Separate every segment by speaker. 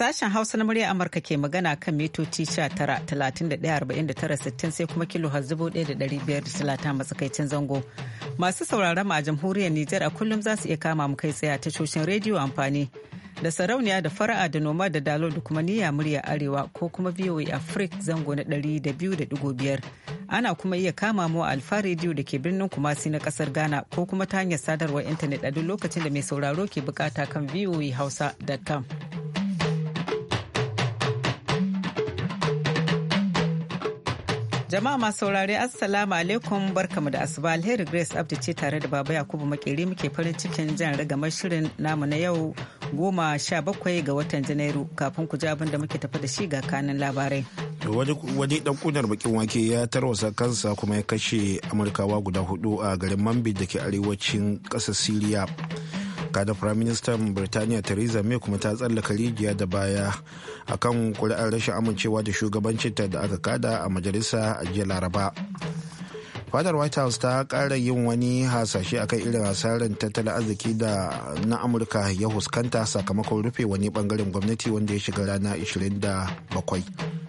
Speaker 1: Sashen Hausa na murya Amurka ke magana kan mitoci 19,31,49,60 sai kuma kilo a matsakaicin zango. Masu sauraron mu a jamhuriyar Nijar a kullum za su iya kama mu kai tsaye a tashoshin rediyo amfani da sarauniya da fara'a da noma da dalo da kuma niyya murya arewa ko kuma VOA Africa zango na 200.5 ana kuma iya kama mu a alfa rediyo da ke birnin Kumasi na kasar Ghana ko kuma ta hanyar sadarwar intanet a duk lokacin da mai sauraro ke bukata kan voahausa.com. Jama'a masu saurare Assalamu alaikum barkamu da asuba alheri Grace Abdi ce tare da Baba Yakubu Makeri muke farin cikin jan ragamar shirin namu na yau goma sha bakwai ga watan Janairu kafin ku ji abin da muke tafi da shi ga kanin labarai.
Speaker 2: Wani dan kunar bakin wake ya tarwasa kansa kuma ya kashe Amurkawa guda hudu a garin mambi da ke arewacin ƙasar Siriya. kada firaministan birtaniya theresa may kuma ta tsallaka rijiya da baya akan kuri'ar rashin amincewa da shugabancinta da aka kada a majalisa a jiya laraba fadar white house ta kara yin wani hasashe akan irin asarar tattalin arziki da na amurka ya huskanta sakamakon rufe wani bangaren gwamnati wanda ya shiga rana 27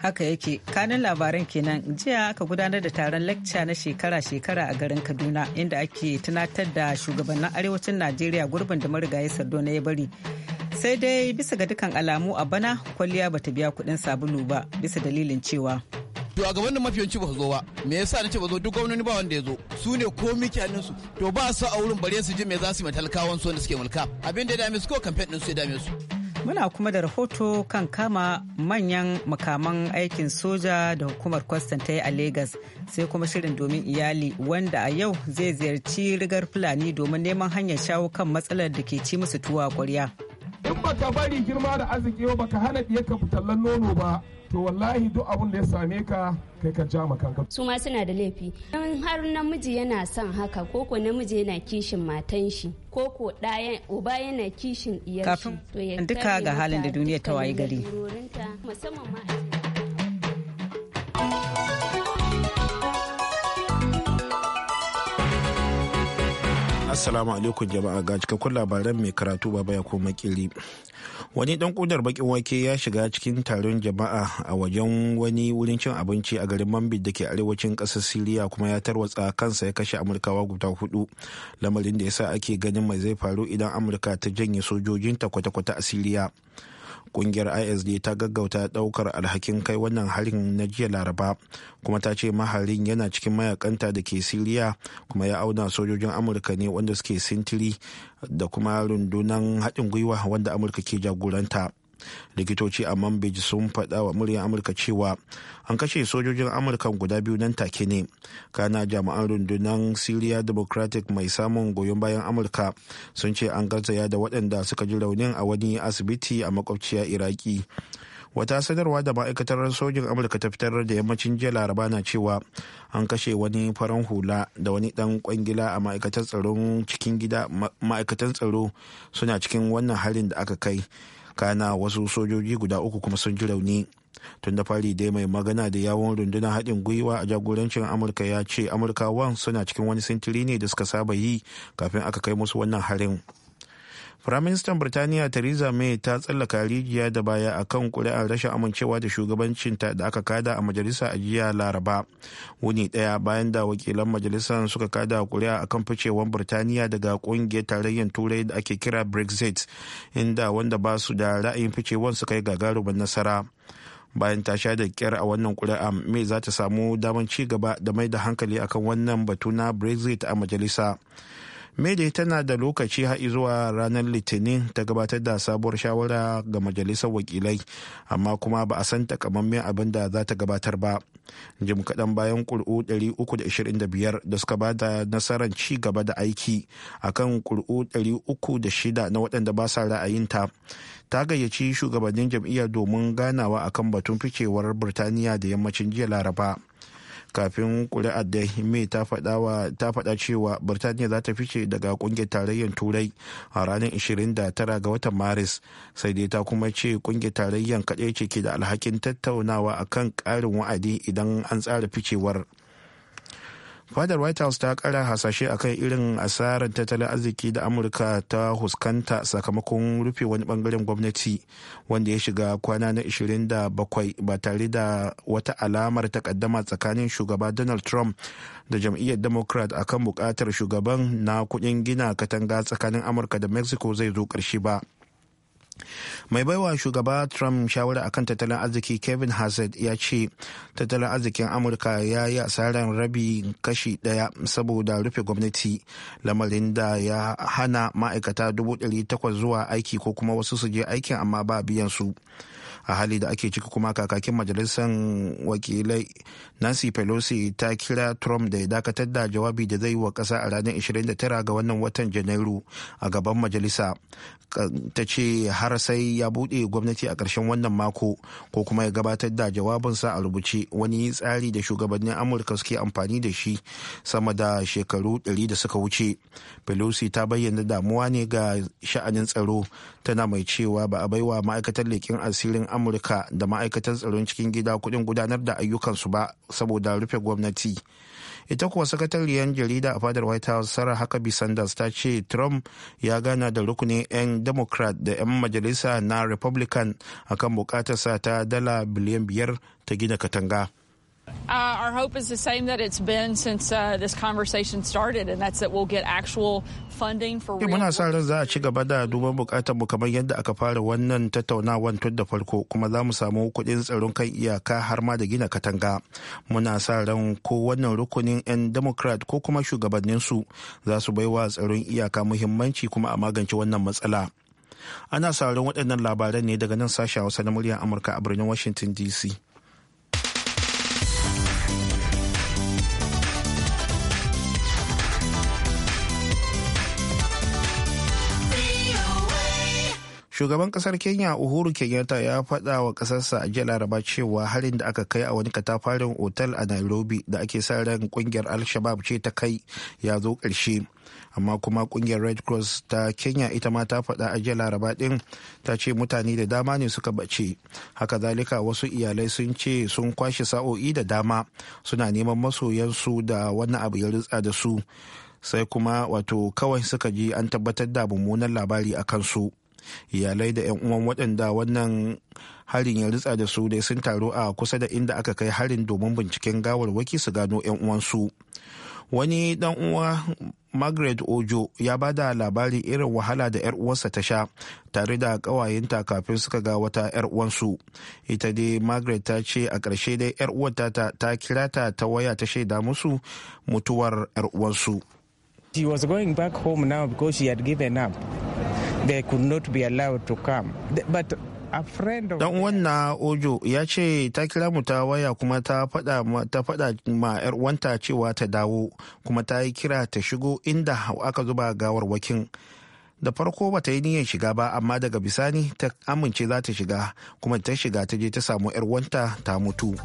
Speaker 1: haka yake kanin labaran kenan jiya aka gudanar da taron lacca na shekara-shekara a garin kaduna inda ake tunatar da shugabannin arewacin najeriya gurbin da marigayi sardona ya bari sai dai bisa ga dukkan alamu a bana kwalliya bata biya kudin sabulu ba bisa dalilin cewa to a gaban da yanci ba zo ba me yasa nace ba
Speaker 3: zo duk gwamnati ba wanda ya zo su ne ko kyanin su to ba su a wurin bare su ji me za su mai talakawan su
Speaker 4: wanda suke mulka abin da ya dame su ko kamfen din su ya dame su
Speaker 1: Muna kuma da rahoto kan kama manyan makaman aikin soja da hukumar kwastan ta yi a Legas sai kuma shirin domin iyali wanda a yau zai ziyarci rigar Fulani domin neman hanyar shawo kan matsalar da ke ci musu tuwa kwarya.
Speaker 5: baka bari girma da arziki ba baka hana ɗiyar ka fitallan nono ba to wallahi duk abin da ya same ka kai ka ja kanka.
Speaker 6: su ma suna da laifi in har namiji yana son haka koko namiji yana kishin matan shi koko ɗaya uba yana kishin to ya duka ga halin da
Speaker 1: duniya ta wayi gari
Speaker 6: musamman ma
Speaker 2: Assalamu alaikum jama'a ga cikakkun labaran mai karatu baba ya koma kiri. Wani dan kudar bakin wake ya shiga cikin taron jama'a a wajen wani wurin cin abinci a garin mambit da ke arewacin ƙasar Siriya kuma ya tarwatsa kansa ya kashe Amurkawa guda hudu. Lamarin da ya sa ake ganin mai zai faru idan Amurka ta janye sojojinta kwata-kwata a Siriya. kungiyar isd ta gaggauta daukar alhakin kai wannan harin na jiya laraba kuma ta ce maharin yana cikin mayakanta da ke siriya kuma ya auna sojojin amurka ne wanda suke sintiri da kuma rundunan haɗin gwiwa wanda amurka ke jagoranta likitoci a mambij sun faɗa wa muryar amurka cewa an kashe sojojin amurka guda biyu nan take ne kana jami'an rundunar syria democratic mai samun goyon bayan amurka sun ce an garzaya da waɗanda suka ji raunin a wani asibiti a makwabciya iraki wata sanarwa da ma'aikatar sojin amurka ta fitar da yammacin jiya laraba na cewa an kashe wani faran hula da wani dan kwangila a ma'aikatar tsaron cikin gida ma'aikatan tsaro suna cikin wannan halin da aka kai kana wasu sojoji guda uku kuma sun ji rauni tun da fari dai mai magana da yawon rundunar haɗin gwiwa a jagorancin amurka ya ce amurkawan suna cikin wani sintiri ne da suka saba yi kafin aka kai musu wannan harin Firaministan Birtaniya Theresa May ta tsallaka rijiya da baya a kan kuri'ar rashin amincewa da shugabancinta da aka kada a majalisa a jiya Laraba. Wuni ɗaya bayan da wakilan majalisar suka kada kuri'a a kan ficewar Birtaniya daga kungiyar tarayyar Turai da ake kira Brexit, inda wanda ba su da ra'ayin ficewar suka yi gagarumin nasara. bayan ta sha da kyar a wannan kuri'a mai za ta samu damar ci gaba da mai da hankali akan wannan batu na brexit a majalisa Mede tana da lokaci har zuwa ranar Litinin ta gabatar da sabuwar shawara ga majalisar wakilai, amma kuma ba a san takamammen abin da za ta gabatar ba. Jim kaɗan bayan ƙuri'u 325 da suka ba da nasarar ci gaba da aiki a kan ƙuri'u 306 na waɗanda ba sa ra'ayinta. ta gayyaci shugabannin jam'iyyar domin ganawa akan batun ficewar birtaniya da yammacin jiya laraba kafin kuri'ar da may ta faɗa cewa birtaniya za ta fice daga kungiyar tarayyar turai a ranar 29 ga watan maris sai dai ta kuma ce kungiyar tarayyar kaɗai ce ke da alhakin tattaunawa akan ƙarin wa'adi idan an tsara ficewar fadar white house ta kara hasashe akan irin asarar tattalin arziki da amurka ta huskanta sakamakon rufe wani bangaren gwamnati wanda ya shiga kwana na 27 ba tare da wata alamar takaddama tsakanin shugaba donald trump da jam'iyyar democrat akan bukatar shugaban na kudin gina katanga tsakanin amurka da mexico zai zo karshe ba mai baiwa shugaba trump shawara akan tattalin arziki kevin hazard ya ce tattalin arzikin amurka ya yi asarar rabi kashi daya saboda rufe gwamnati lamarin da ya hana ma'aikata 800 zuwa aiki ko kuma wasu su je aikin amma ba biyan su a hali da ake ciki kuma kakakin majalisar wakilai nancy pelosi ta kira trump da ya dakatar da jawabi da zai yi wa kasa a ranar 29 ga wannan watan janairu a gaban majalisa ta ce har sai ya buɗe gwamnati a ƙarshen wannan mako ko kuma ya gabatar da jawabinsa a rubuce wani tsari da shugabannin amurka suke amfani da shi sama da shekaru 100 da suka wuce pelosi ta bayyana damuwa ne ga sha'anin tsaro tana mai cewa ba a baiwa ma'aikatar leƙen asirin amurka da ma'aikatan tsaron cikin gida kudin gudanar da ayyukansu ba saboda rufe gwamnati ita kuwa sakatariyar jarida a fadar white house sarah huckabee sanders ta ce trump ya gana da rukunin 'yan democrat da 'yan majalisa na republican akan bukatarsa ta dala biliyan biyar ta gina katanga
Speaker 6: Uh, our hope is the same that it's been since uh, this conversation started, and that's that we'll get actual funding for. Muna
Speaker 2: sa ran za a ci gaba da duban bukatar mu kamar yadda aka fara wannan tattaunawar tun da farko kuma za mu samu kuɗin tsaron kan iyaka har ma da gina katanga. Muna sa ran ko wannan rukunin 'yan Democrat ko kuma shugabannin su za su baiwa tsaron iyaka muhimmanci kuma a magance wannan matsala. Ana sauran waɗannan labaran ne daga nan sashen Hausa na muryar Amurka a birnin Washington DC. shugaban kasar kenya uhuru kenyatta ya faɗa wa ƙasarsa a jiya laraba cewa harin da aka kai a wani katafarin otal a nairobi da ake sa ran kungiyar alshabab ce ta kai ya zo ƙarshe amma kuma kungiyar red cross ta kenya ita ma ta faɗa a jiya laraba ɗin ta ce mutane da dama ne suka bace haka zalika wasu iyalai sun ce sun kwashe sa'o'i da dama suna neman masoyansu da wani abu ya rutsa da su sai kuma wato kawai suka ji an tabbatar da mummunan labari a kansu iyalai da 'yan uwan waɗanda wannan harin ya ritsa da su dai sun taru a kusa da inda aka kai harin domin binciken gawar waki su gano 'yan uwansu wani dan uwa margaret ojo ya ba da labari irin wahala da 'yar uwarsa ta sha tare da ƙawayenta kafin suka ga wata 'yar uwansu ita dai margaret ta ce a ƙarshe dai 'yar uwarta ta kira ta ta waya ta shaida musu mutuwar 'yar uwansu She was going back home now because she had given up. they could not be allowed to come. But Dan uwan na Ojo ya ce ta kira mu ta waya kuma ta faɗa ta faɗa ma yar wanta cewa ta dawo kuma ta yi kira ta shigo inda aka zuba gawar wakin Da farko ba ta yi niyyar shiga ba amma daga bisani ta amince za ta shiga kuma ta shiga ta je ta samu yar wanta ta mutu.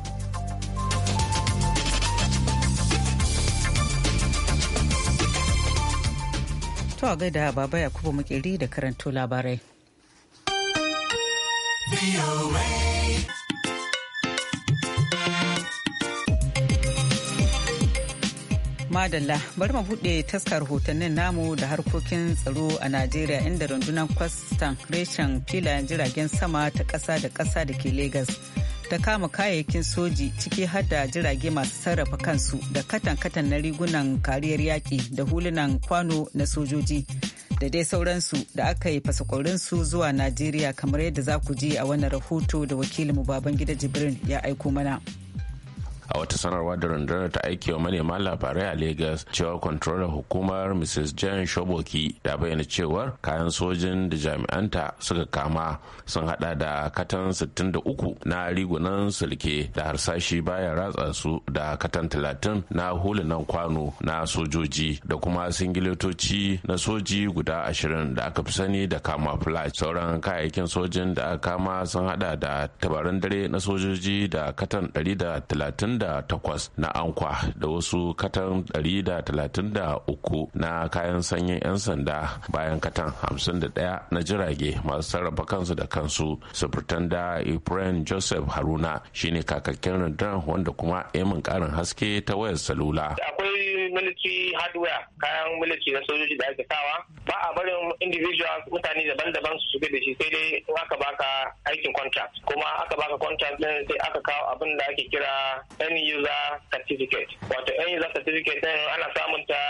Speaker 1: To a gaida baba Yakubu Makeri da karanto labarai. Madalla bari mu buɗe taskar hotonnin namu da harkokin tsaro a Najeriya inda rundunar kwastan reshen filayen jiragen sama ta kasa da kasa da ke Legas. ta kama kayayyakin soji ciki har da jirage masu sarrafa kansu da katan-katan na rigunan kariyar yaƙi da hulunan kwano na sojoji da dai sauransu da aka yi fasakorinsu zuwa najeriya kamar yadda za ku ji a wannan rahoto da wakilinmu babangida jibrin ya aiko mana.
Speaker 7: a wata sanarwa da rundunar ta aiki wa manema labarai a Legas, cewa kwantarolar hukumar mrs jan shoboki da bayyana cewar kayan sojin da jami'anta suka kama sun hada da katan 63 na rigunan sulke da harsashi baya ratsa su da katan 30 na hulunan kwano na sojoji da kuma singiletoci na soji guda 20 da aka fi sani da kama flash sauran kayayyakin sojin da aka kama sun hada da tabarin dare na sojoji da katan 130 68 na ankwa da wasu katan 133 na kayan sanyin 'yan sanda bayan katan 51 na jirage masu sarrafa kansu da kansu sufurtan da ibrahim joseph haruna shine kakakken rundunar wanda kuma yamin karin haske ta wayar salula
Speaker 8: military hardware kayan military na sojoji da ake kawa ba a barin individual mutane daban-daban su shiga da shi sai dai in aka baka aikin contract kuma aka baka contract din sai aka kawo abin da ake kira end user certificate wato end user certificate din ana samun ta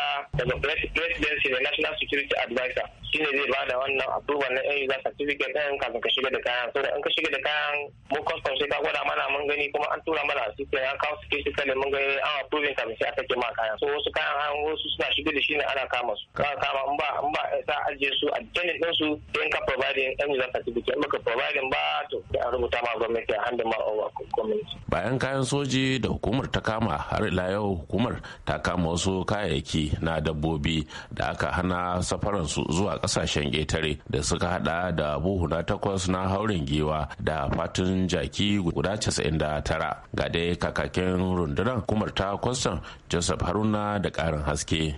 Speaker 8: daga presidency da national security advisor shine zai bada wannan approval na yan user certificate din kafin ka shiga da kayan so da in ka shiga da kayan mu custom sai ka gwada mana mun gani kuma an tura mana su ya kawo su kesi kale mun gani eh, an approve ka sai a sake ma kayan so wasu kayan an wasu suna shiga da shi ne ana kama su ka kama in ba in ba sa ajiye su a tenant ɗin su din ka providing yan user certificate in baka providing ba to sai a rubuta ma gwamnati a handin ma
Speaker 5: over community.
Speaker 7: bayan kayan soji da hukumar ta kama har ila yau hukumar ta kama wasu kayayyaki na dabbobi da aka hana safaransu zuwa kasashen ƙetare da suka hada da buhuna takwas na haurin giwa da fatun jaki guda 99 ga dai kakakin rundunar hukumar ta kwastam joseph haruna da ƙarin haske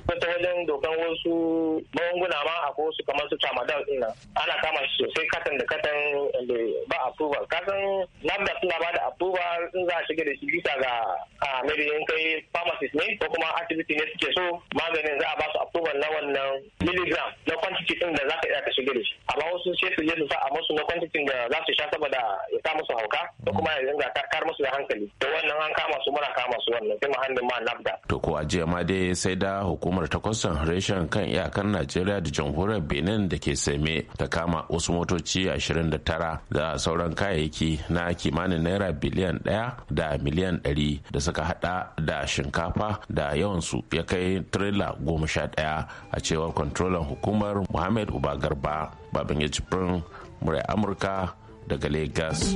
Speaker 8: dokan wasu magunguna ma a wasu kamar su tramadol din nan ana kama shi sosai katan da katan da ba approval kasan nabda suna ba da approval in za a shiga da shi bisa ga a maybe in kai pharmacist ne ko kuma activity ne suke so maganin za a ba su approval na wannan milligram na quantity kwantiti din da za ka iya ka shiga da shi amma wasu sai su je su sa a musu na kwantitin da za su sha saboda ya sa musu hauka da kuma ya dinga kar musu da hankali da wannan an kama su muna kama su wannan sai muhallin ma nafda
Speaker 7: to ko a jiya ma dai sai da hukumar ta kwastan kan iyakan Najeriya da jamhuriyar Benin da ke same ta kama wasu motoci 29 da sauran kayayyaki na kimanin naira biliyan 1 da miliyan 100 da suka hada da shinkafa da yawansu ya kai sha 11 a cewar kwantrolan hukumar muhammad uba garba babin ya jibrin murai amurka daga lagos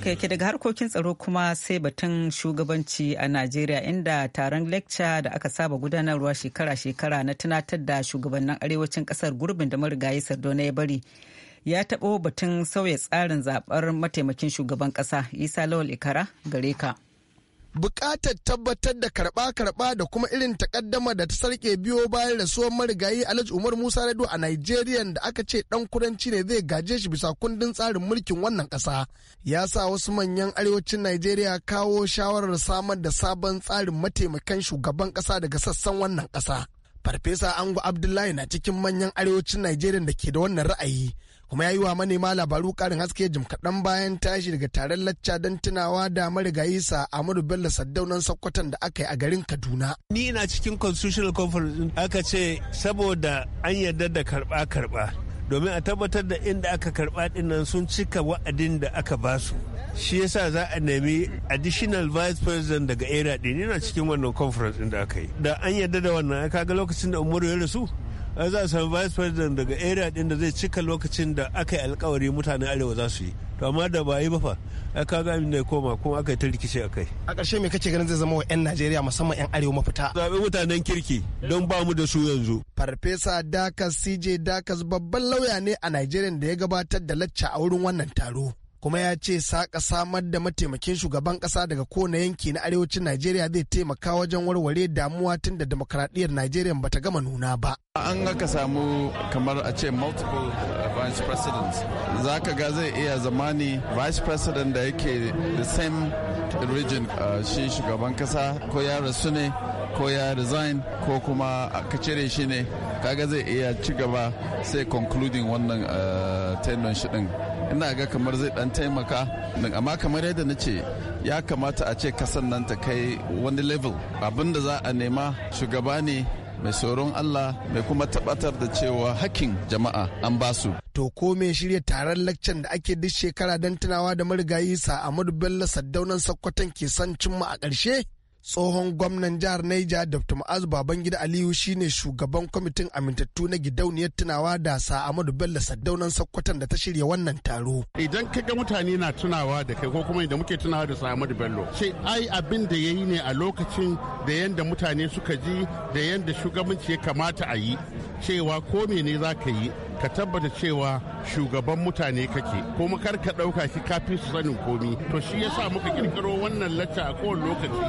Speaker 1: haka yake daga harkokin tsaro kuma sai batun shugabanci a najeriya inda taron lecture da aka saba gudanarwa shekara-shekara na tunatar da shugabannin arewacin kasar gurbin da marigayi na ya bari ya taɓo batun sauya tsarin zaɓar mataimakin shugaban ƙasa isa lawal ikara gare ka bukatar tabbatar da karɓa-karɓa da kuma irin takaddama da ta
Speaker 3: sarke biyo bayan rasuwar marigayi Alhaji Umar Musa Rado a Nigeria da aka ce dan kudanci ne zai gaje shi bisa kundin tsarin mulkin wannan ƙasa. Ya sa wasu manyan arewacin Nigeria kawo shawarar samar da sabon tsarin mataimakan shugaban ƙasa daga sassan wannan ƙasa. Farfesa Ango Abdullahi na cikin manyan arewacin Nigeria da ke da wannan ra'ayi. kuma ya yi wa manema labaru karin haske jim kaɗan bayan tashi daga taron lacca don tunawa da marigayi sa Amadu Bello Saddaunan Sokotan da aka yi a garin Kaduna.
Speaker 8: Ni ina cikin Constitutional
Speaker 2: Conference aka ce saboda an yarda da karɓa-karɓa domin a tabbatar da inda aka karɓa dinnan sun cika wa'adin da aka ba su, Shi yasa za a nemi additional vice president daga area ɗin cikin wannan conference ɗin da aka yi. Da an yarda da wannan kaga lokacin da Umaru ya rasu za a samu vice president daga area din da zai cika lokacin da aka yi alkawari mutanen arewa za su yi to amma da ba yi ba fa ai ka ga ne koma kuma aka yi ta rikice akai
Speaker 3: a ƙarshe me kace ganin zai zama wa 'yan Najeriya musamman 'yan arewa mafita zaɓi mutanen kirki don ba mu da su yanzu farfesa dakas cj dakas babban lauya ne a Najeriya da ya gabatar da lacca a wurin wannan taro kuma ya ce saka samar da mataimakin shugaban kasa daga kowane yanki na arewacin najeriya zai taimaka wajen warware damuwa tun da demokradiyyar najeriya bata gama nuna ba
Speaker 5: an ka samu kamar a ce multiple uh, vice president za ka ga zai iya zamani vice president da yake the same region uh, shi shugaban kasa ko ya rasu ne ko ya resign ko kuma ka cire shi ne kaga zai iya ci gaba sai concluding wannan uh, tenure shi din ina ga kamar zai dan an taimaka amma kamar yadda na ce ya kamata a ce kasan nan ta kai wani level abinda za a nema shugaba ne mai tsoron Allah mai kuma tabbatar da cewa hakkin jama'a an basu. To ko me
Speaker 3: shirya taron laccan da ake duk shekara don tunawa da marigayi Ahmadu Bello Saddaunan Sokoton ke son cimma a ƙarshe? tsohon gwamnan jihar Naija Dr. Ma'azu Babangida Aliyu shine shugaban kwamitin amintattu na gidauniyar tunawa da sa Amadu Bello Saddaunan Sokoton da ta shirya
Speaker 7: wannan taro. Idan ka ga mutane na tunawa da kai ko kuma idan muke tunawa da sa Ahmadu Bello, sai ai abin da yayi ne a lokacin da yanda mutane suka ji da yanda shugabanci ya kamata a yi, cewa ko mene za ka yi ka tabbata cewa shugaban mutane kake kuma kar ka ɗauka shi kafin su sanin komi to shi yasa muka kirkiro wannan lacca a kowane lokaci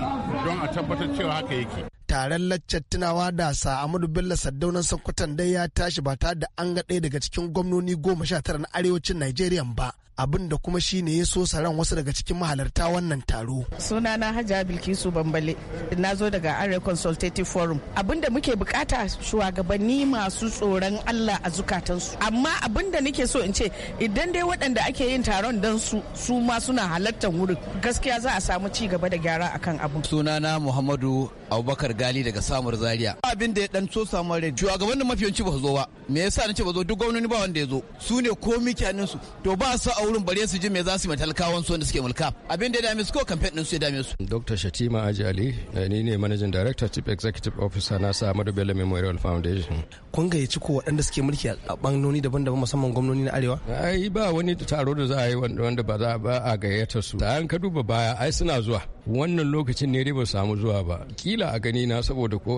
Speaker 7: don a tabbatar cewa haka yake
Speaker 3: taron laccar tunawa da sa Amadu Bello Saddaunan Sokoton dai ya tashi ba tare da an ga ɗaya daga cikin gwamnoni goma sha tara na arewacin nigeria ba abin da kuma shi ne ya so saran wasu daga cikin mahalarta wannan taro.
Speaker 1: Sunana hajji Bilkisu Bambale, na zo daga Are Consultative Forum. Abin da muke bukata shugabanni masu tsoron Allah a zukatansu. Amma abin da nake so in ce idan dai waɗanda ake yin taron don su su ma suna halartar wurin gaskiya za a samu ci gaba da gyara akan abin. Sunana Muhammadu Abubakar Gali daga Samar Zaria.
Speaker 3: Abin da ya dan so samu rai. Shugaban mafiyanci ba zo ba. Me yasa na ce ba zo duk gwamnati ba wanda ya zo. Su ne ko mikanin su. To ba su wurin bare su ji me za su yi talakawan su wanda suke
Speaker 4: mulka abin da ya dame su ko kamfen din su ya dame su Dr. Shatima Aji Ali eh, ni ne manajan director chief executive officer na sa Amadu Bello Memorial Foundation kun gayyaci ko waɗanda suke mulki a bangnoni daban-daban musamman gwamnoni na arewa ai ba wani taro da za a yi wanda ba za a gayyata su Da an ka duba baya ai suna zuwa wannan lokacin ne dai ba samu zuwa ba kila a gani na saboda ko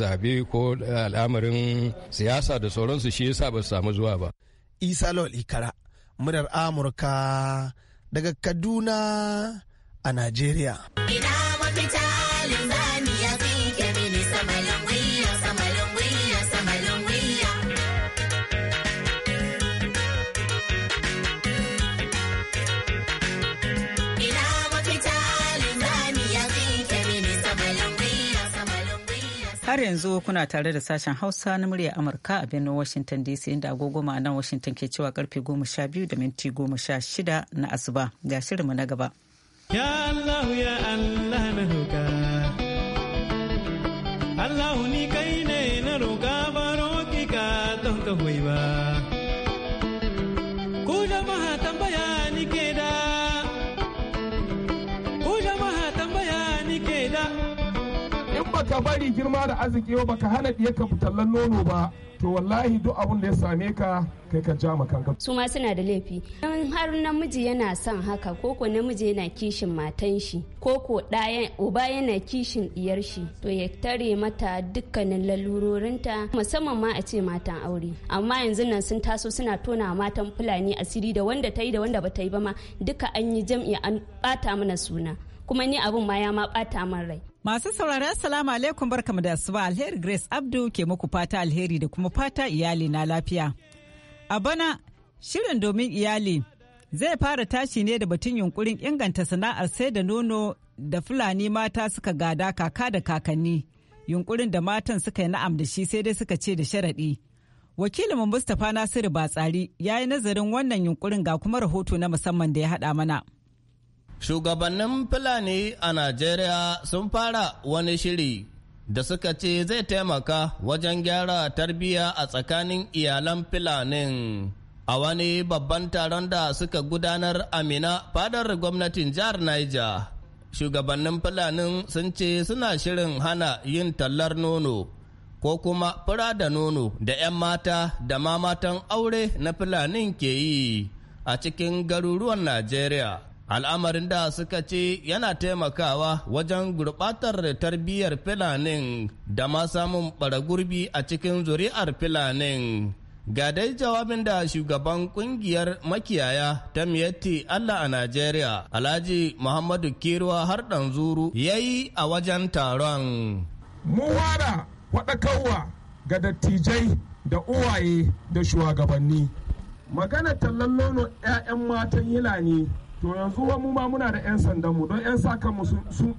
Speaker 4: zabe ko al'amarin siyasa da sauransu shi yasa ba su samu zuwa ba isa lawal
Speaker 3: ikara muryar Amurka daga Kaduna a Najeriya.
Speaker 6: Ina
Speaker 1: har yanzu kuna tare da sashen hausa na murya amurka a birnin washington dc inda agogo ma'anar washington ke cewa karfe goma da minti goma shida na asuba ga shirinmu na gaba ya allahu ya allah na roka allahu ni kai
Speaker 2: ne na roka baro ki ka don ka ba
Speaker 5: ka bari girma da arziki ba ka hana ka fitallan nono ba to wallahi duk abin da ya same ka kai ka ja kanka
Speaker 6: su ma suna da laifi in har namiji yana son haka koko namiji yana kishin matan shi koko ɗaya uba yana kishin diyar shi to ya tare mata dukkanin lalurorinta musamman ma a ce matan aure amma yanzu nan sun taso suna tona matan fulani asiri da wanda ta da wanda ba ta yi ba ma duka an yi jam'i an bata mana suna kuma ni abun ma ya ma bata min rai
Speaker 1: Masu sauraron salamu alaikum barkamu da asuba alheri Grace Abdu ke muku fata alheri da kuma fata iyali na lafiya. A bana shirin domin iyali zai fara tashi ne da batun yunkurin inganta sana'ar sai da nono da Fulani mata suka gada kaka da kakanni. Yunkurin da matan suka yi na'am da shi sai dai suka ce da sharaɗi. wakilin Mustapha Nasiru Batsari ya yi nazarin wannan yunkurin ga kuma rahoto na musamman da ya haɗa mana. Shugabannin Fulani
Speaker 4: a Najeriya sun fara wani shiri da suka ce zai taimaka wajen gyara tarbiyya a tsakanin iyalan Fulanin. A wani babban taron da suka gudanar Amina fadar gwamnatin jihar Niger, shugabannin Fulanin sun ce suna shirin hana yin tallar nono ko kuma fura da nono da 'yan mata da ma matan aure na Fulanin ke yi a cikin garuruwan Najeriya. al'amarin da suka ce yana taimakawa wajen gurɓatar tarbiyyar filanin da ma samun ɓaragurbi a cikin zuri'ar filanin ga dai jawabin da shugaban kungiyar makiyaya ta miyatti Allah a Najeriya Alhaji Muhammadu Kirwa har ɗan zuru ya yi a wajen taron.
Speaker 5: Mun wada faɗakarwa ga dattijai da uwaye da shugabanni. Magana tallan nono 'ya'yan matan Yilani to yanzu wa mu ma muna da 'yan sandan mu don 'yan sakan mu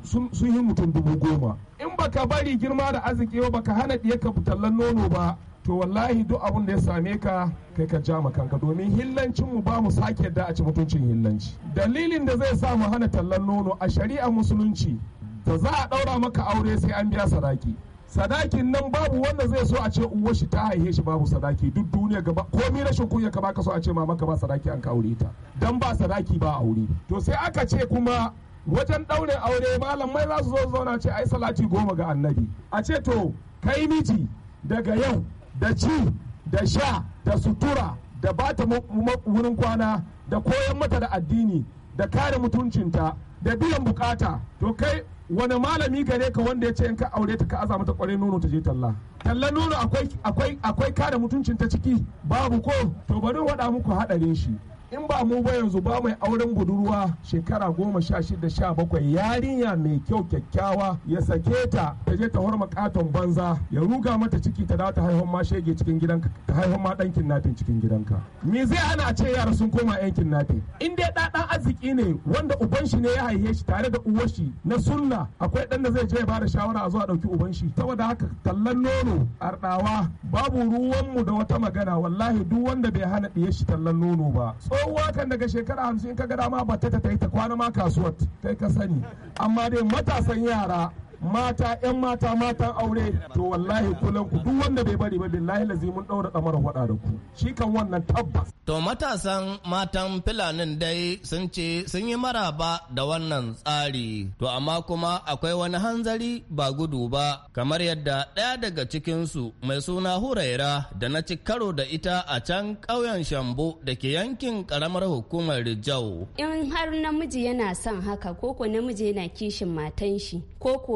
Speaker 5: sun yi mutum dubu goma in baka bari girma da arziki ba baka hana ɗiya ka tallan nono ba to wallahi duk abun da ya same ka kai ka ja ma kanka domin hillancin mu ba mu sake yadda a ci mutuncin hillanci dalilin da zai sa mu hana tallan nono a shari'a musulunci da za a ɗaura maka aure sai an biya saraki. sadakin nan babu wanda zai so a ce uwar shi ta haihe shi babu sadaki duk duniya gaba Ko mi rashin kunya ka baka so a ce mama ka ba sadaki an ka aure ta dan ba sadaki ba aure to sai aka ce kuma wajen daure aure malamai za su zo zauna ce ai salati goma ga annabi a ce to kai miji daga yau da ci da sha da sutura da bata wurin kwana da koyan mata da addini da kare mutuncinta da biyan bukata to kai wani malami gare ka wanda ya ce in ka aure ta ka aza mata kwarai nono ta je talla talla nono akwai akwai akwai mutuncin ta ciki babu ko to bari wada muku hadarin shi in ba mu ba yanzu ba mai auren budurwa shekara goma sha shida sha bakwai yarinya mai kyau kyakkyawa ya sake ta ta je ta horma katon banza ya ruga mata ciki ta dawo ta haihon ma shege cikin gidanka ta haihon ma dan kidnapping cikin gidanka me zai ana ce yara sun koma yan kidnapping in dai da dan arziki ne wanda uban shi ne ya haihe shi tare da uwar shi na sunna akwai dan da zai je ya bada shawara a zuwa dauki uban shi saboda haka tallan nono ardawa babu ruwan mu da wata magana wallahi duk wanda bai hana diyar shi tallan nono ba Yau wakan daga shekara hamsin ka ga dama ba ta ta ta kwana ma kasuwar kai ka sani amma dai matasan yara mata yan mata matan aure to wallahi kullum ku duk wanda bai bari ba billahi lazi daura kamar hada da ku shi kan wannan tabbas to
Speaker 4: matasan matan filanin dai sun ce sun yi maraba da wannan tsari to amma kuma akwai wani hanzari ba gudu ba kamar yadda ɗaya daga cikin su mai suna huraira da na ci karo da ita a can ƙauyen shambo da ke yankin karamar hukumar rijau
Speaker 6: in har namiji yana son haka koko namiji yana kishin matan shi koko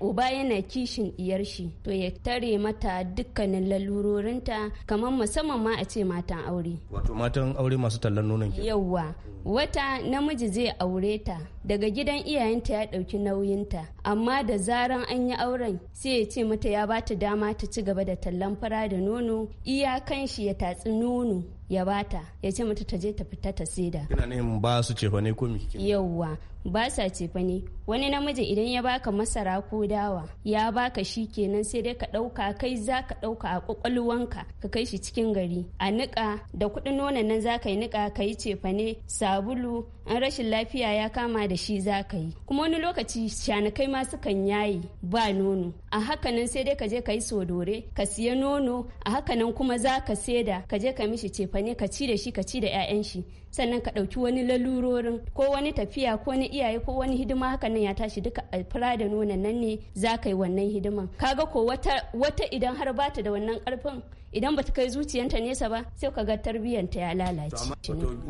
Speaker 6: uba yana kishin diyar shi to ya tare mata dukkanin lalurorinta kamar musamman ma a ce matan aure
Speaker 4: wato matan aure masu tallan nonon ke
Speaker 6: yawwa wata namiji zai aure ta daga gidan iyayenta ya dauki nauyinta amma da zaran an yi auren sai ya ce mata ya bata dama ta ci gaba da tallan fara da nono iyakan shi ya tatsi nono ya bata ya ce mata ta je ta fita ta saida kina
Speaker 4: ne ba su cefa ne ko miki
Speaker 6: yawwa ba sa cefa ne wani namiji idan ya baka masara ko dawa ya baka shi kenan sai dai ka dauka kai za ka dauka a kwakwalwanka ka kai shi cikin gari a niƙa da kuɗin nonon nan za ka yi nika ka yi cefa ne sabulu an rashin lafiya ya kama da shi za ka yi kuma wani lokaci shanakai ma sukan yayi ba nono a haka nan sai dai ka je ka yi sodore ka siya nono a haka nan kuma za ka saida ka je ka mishi cefa ne ka ci da shi ka ci da 'ya'yan shi sannan ka ɗauki wani lalurorin ko wani tafiya ko wani iyaye ko wani hidima haka nan ya tashi duka alfira da nonon nan ne za ka yi wannan hidiman kaga ko wata idan har bata da wannan karfin idan bata kai zuciyanta nesa ba sai ka ga tarbiyyanta ya lalace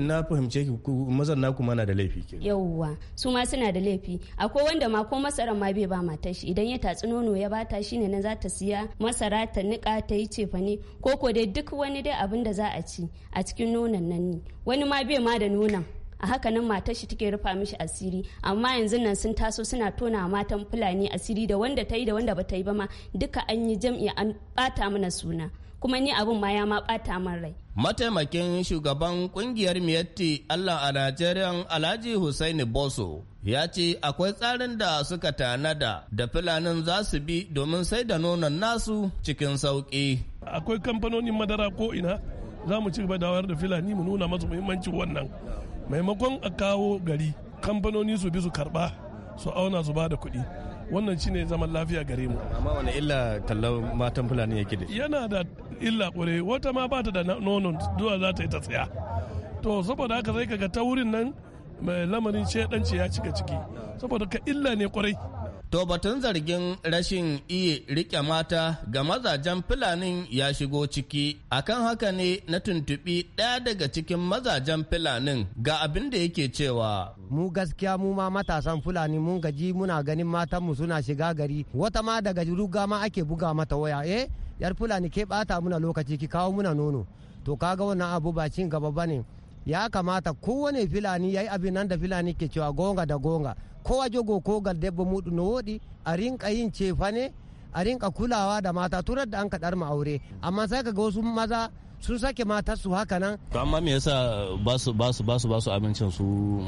Speaker 4: na fahimce ki mazan naku mana da laifi ke
Speaker 6: yawwa su ma suna da laifi akwai wanda ma ko masara ma bai ba matar shi idan ya tatsi nono ya bata shine nan za ta siya masara ta nika ta yi cefane ko ko dai duk wani dai abin da za a ci a cikin nonon nan ne wani ma bai ma da nonon a haka nan matar shi take rufa mishi asiri amma yanzu nan sun taso suna tona matan fulani asiri da wanda ta yi da wanda bata yi ba ma duka an yi jam'i an bata mana suna kuma ni abin ma ya ma bata min rai
Speaker 4: mataimakin shugaban kungiyar miyatti allah a najeriya alhaji hussaini boso ya ce akwai tsarin da suka tanada da filanin za su bi domin sai da nonon nasu cikin
Speaker 5: sauƙi akwai kamfanonin madara ko ina za mu ci gaba da wayar da filani mu nuna masu muhimmancin wannan maimakon a kawo gari kamfanoni su bi su karba su auna su ba da kuɗi wannan shine zaman lafiya gare mu
Speaker 4: amma wani illa tallan matan fulani yake da
Speaker 5: yana da illa kwarai wata ma bata da nonon zuwa za ta yi ta tsaya to saboda haka sai kaga ta wurin nan mai lamarin shaidanci ya cika ciki saboda ka
Speaker 4: illa ne kwarai To batun zargin rashin iya rike mata ga mazajen filanin ya shigo ciki, akan haka ne na tuntuɓi ɗaya daga cikin mazajen filanin ga abin da yake cewa.
Speaker 9: Mu gaskiya mu ma matasan fulani mun gaji muna ganin matan mu suna shiga gari, wata ma daga ruga ma ake buga mata waya, eh, yar fulani ke bata muna lokaci ki kawo muna nono. To kaga wannan abu ba cin gaba bane. ya kamata kowane filani ya yi abin nan da filani ke cewa gonga da gonga kowa jogo ko gal debbo muɗum no a rinka yin cefane a rinka kulawa da mata turar da an ka aure amma sai ka ga wasu maza sun sake matar su haka nan.
Speaker 4: To amma me yasa ba su ba su ba su ba su abincin su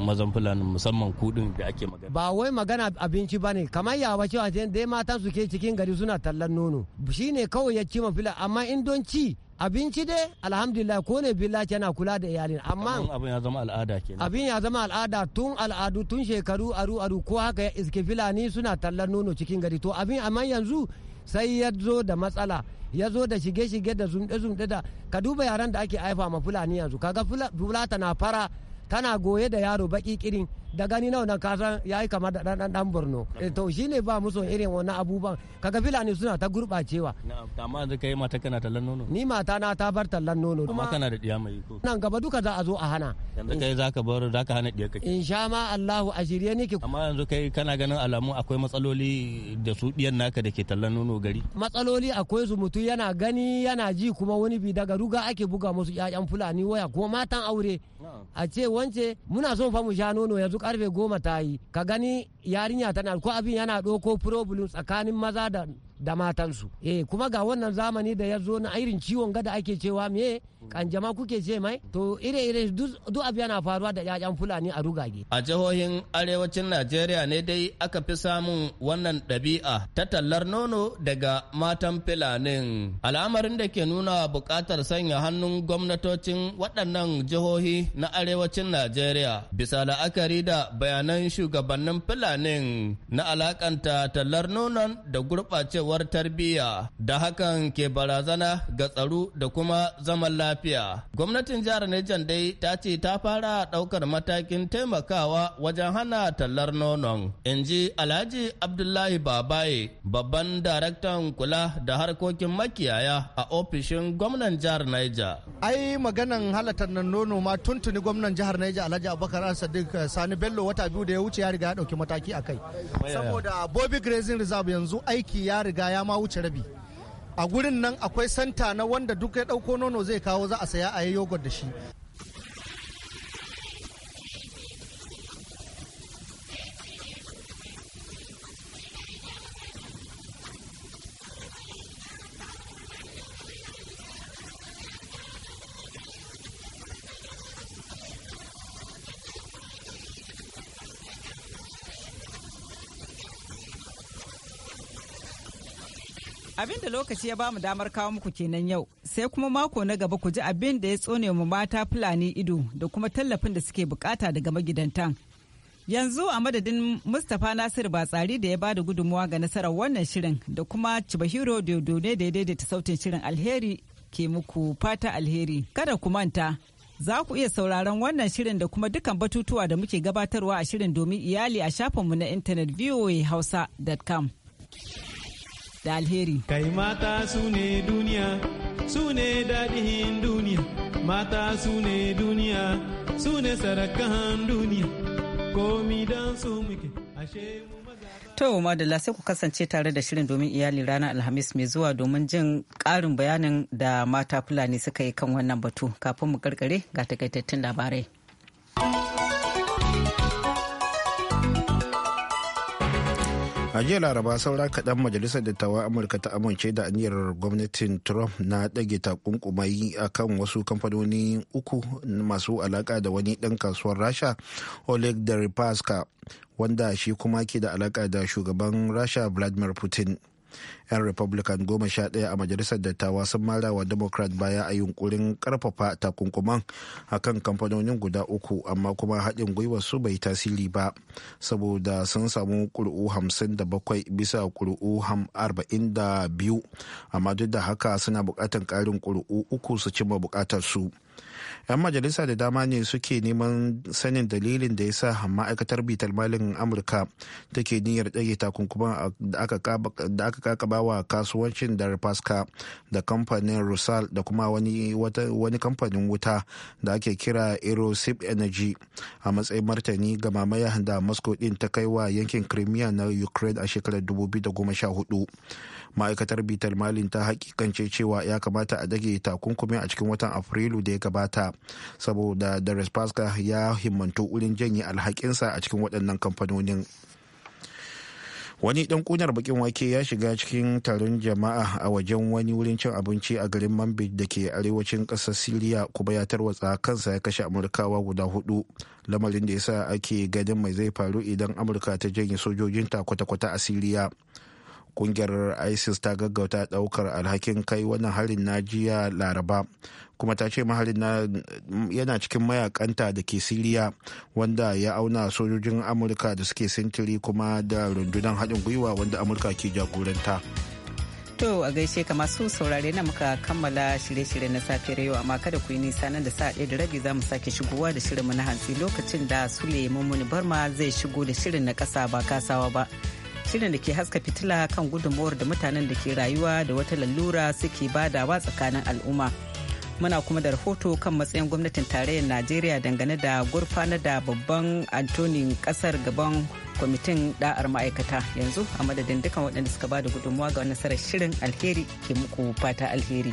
Speaker 4: mazan fulani musamman kudin da ake magana.
Speaker 9: Ba wai magana abinci bane kamar wace wace dai matan su ke cikin gari suna tallan nono. Shine kawai ya ci ma fila amma in don ci abinci dai alhamdulillah ko ne billahi yana kula da iyalin amma
Speaker 4: abin ya zama al'ada kenan
Speaker 9: abin ya zama al'ada tun al'adu tun shekaru aru aru ko haka ya iske filani suna tallar nono cikin gari to abin amma yanzu sai ya zo da matsala ya zo da shige shige da zumde zumde da ka duba yaran da ake haifa ma fulani yanzu kaga fulata na fara tana goye da yaro baki kirin da gani na wannan kasan ya yi kamar da ɗan ɗan borno eh, to shi ne ba musu irin wannan abubuwan kaga filani suna ta gurɓacewa
Speaker 4: amma yanzu kai mata kana tallan nono ni
Speaker 9: mata na ta bar tallan
Speaker 4: nono kuma kana da diya mai ko
Speaker 9: nan gaba duka za a zo a hana
Speaker 4: yanzu kai zaka bar zaka hana diya kake
Speaker 9: insha ma Allahu
Speaker 4: a shirye nake amma yanzu kai kana ganin alamu akwai matsaloli da su diyan naka da ke tallan nono gari
Speaker 9: matsaloli akwai su mutum yana gani yana ji kuma wani bi daga ruga ake buga musu ƴaƴan fulani waya kuma matan aure a ce wance muna son fa mu sha nono yanzu karfe goma ta yi ka gani yarinya tana ko abin yana ɗauko problem tsakanin maza da da matansu eh kuma ga wannan zamani da ya zo na irin ciwon gada ake cewa me kanjama kuke ce mai to ire-ire duk abu yana faruwa da yayan fulani a rugage
Speaker 4: a jihohin arewacin najeriya ne dai aka fi samun wannan dabi'a ta tallar nono daga matan filanin al'amarin da ke nuna buƙatar sanya hannun gwamnatocin waɗannan jihohi na arewacin najeriya bisa la'akari da bayanan shugabannin filanin na alakanta tallar nonon da gurɓacewar tarbiyya da hakan ke barazana ga tsaro da kuma zaman lafiya lafiya. Gwamnatin jihar Nijar dai ta ce ta fara ɗaukar matakin taimakawa wajen hana tallar nonon. In ji Alhaji Abdullahi Babaye, babban daraktan kula da harkokin makiyaya a ofishin gwamnan jihar Niger.
Speaker 3: Ai maganan halatar nan nono ma tuntuni gwamnan jihar Niger Alhaji Abubakar Sadiq eh, Sani Bello wata biyu da ya wuce ya riga ya ɗauki mataki a kai. Saboda Bobby Grazing Reserve yanzu aiki ya riga ya ma wuce rabi. a gurin nan akwai santa na wanda duk ya ɗauko nono zai kawo za a saya a yi yogurt da shi
Speaker 1: Abin da lokaci ya bamu damar kawo muku kenan yau, sai kuma mako na gaba ku ji abin da ya tsone mu mata Fulani ido da kuma tallafin da suke bukata daga magidantan. Yanzu a madadin Mustapha Nasiru Batsari da ya ba da gudunmuwa ga nasarar wannan shirin da kuma Chibahiro Dodone da ya daidaita sautin shirin alheri ke muku fata alheri. Kada ku manta, za ku iya sauraron wannan shirin da kuma dukkan batutuwa da muke gabatarwa a shirin domin iyali a shafinmu na intanet voahausa.com. da alheri. Kai mata su ne duniya, su ne daɗin duniya, mata su ne duniya, su ne sarakan duniya,
Speaker 5: komi don su muke,
Speaker 7: ashe
Speaker 1: To Madalla sai ku kasance tare da shirin domin iyali ranar Alhamis mai zuwa domin jin ƙarin bayanin da mata Fulani suka yi kan wannan batu kafin mu karkare ga takaitattun labarai.
Speaker 2: a jiya laraba saura kaɗan majalisar dattawan amurka ta amince da aniyar gwamnatin trump na ɗage takunkumai a kan wasu kamfanoni uku masu alaka da wani ɗan kasuwar rasha oleg deripaska wanda shi kuma ke da alaka da shugaban rasha vladimir putin 'yan republican goma sha ɗaya a majalisar dattawa sun mara wa democrat baya a yunkurin karfafa takunkuman a kan kamfanonin guda uku amma kuma haɗin gwiwar su bai tasiri ba saboda sun samu ƙuri'u hamsin da bakwai bisa ƙuri'u arba'in da biyu amma duk da haka suna buƙatar ƙarin ƙuri'u uku su cimma buƙatar su 'yan majalisa da dama ne suke neman sanin dalilin da ya sa ma'aikatar bitar malin amurka take niyyar ɗage takunkuma da aka kakaba wa kasuwancin da pasca da kamfanin rusal da kuma wani kamfanin wuta da ake kira erosip energy a matsayin martani ga mamaya da moscow din ta kai wa yankin crimea na ukraine a shekarar 2014 ma'aikatar bitar malin ta hakikance cewa ya kamata a dage takunkumi a cikin watan afrilu da ya gabata saboda Darius Pascal ya himmantu wurin janye alhakinsa a cikin waɗannan kamfanonin. wani ɗan ƙunar bakin wake ya shiga cikin taron jama'a a wajen wani wurin cin abinci a garin manbij da ke arewacin ƙasar siriya kuma ya tarwatsa kansa ya kashe amurkawa guda hudu lamarin da ya sa ake ganin mai zai faru idan amurka ta janye sojojinta kwata-kwata a siriya kungiyar isis ta gaggauta daukar alhakin kai wannan harin na jiya laraba kuma ta ce maharin yana cikin mayakanta da ke siriya wanda ya auna sojojin amurka da suke sintiri kuma da rundunar haɗin gwiwa wanda amurka ke jagoranta
Speaker 1: to a gaishe ka masu saurare na muka kammala shirye-shirye na safiyar yau amma kada ku yi nisa nan da sa ɗaya da rabi za mu sake shigowa da shirinmu na hantsi lokacin da sule mummuni barma zai shigo da shirin na ƙasa ba kasawa ba shirin da ke haska fitila kan gudunmawar da mutanen da ke rayuwa da wata lalura suke badawa tsakanin al'umma muna kuma da rahoto kan matsayin gwamnatin tarayyar najeriya dangane da gurfanar da babban antonin kasar gaban kwamitin da'ar ma'aikata yanzu a madadin dukkan waɗanda suka bada gudunmawa ga nasarar shirin alheri ke muku fata alheri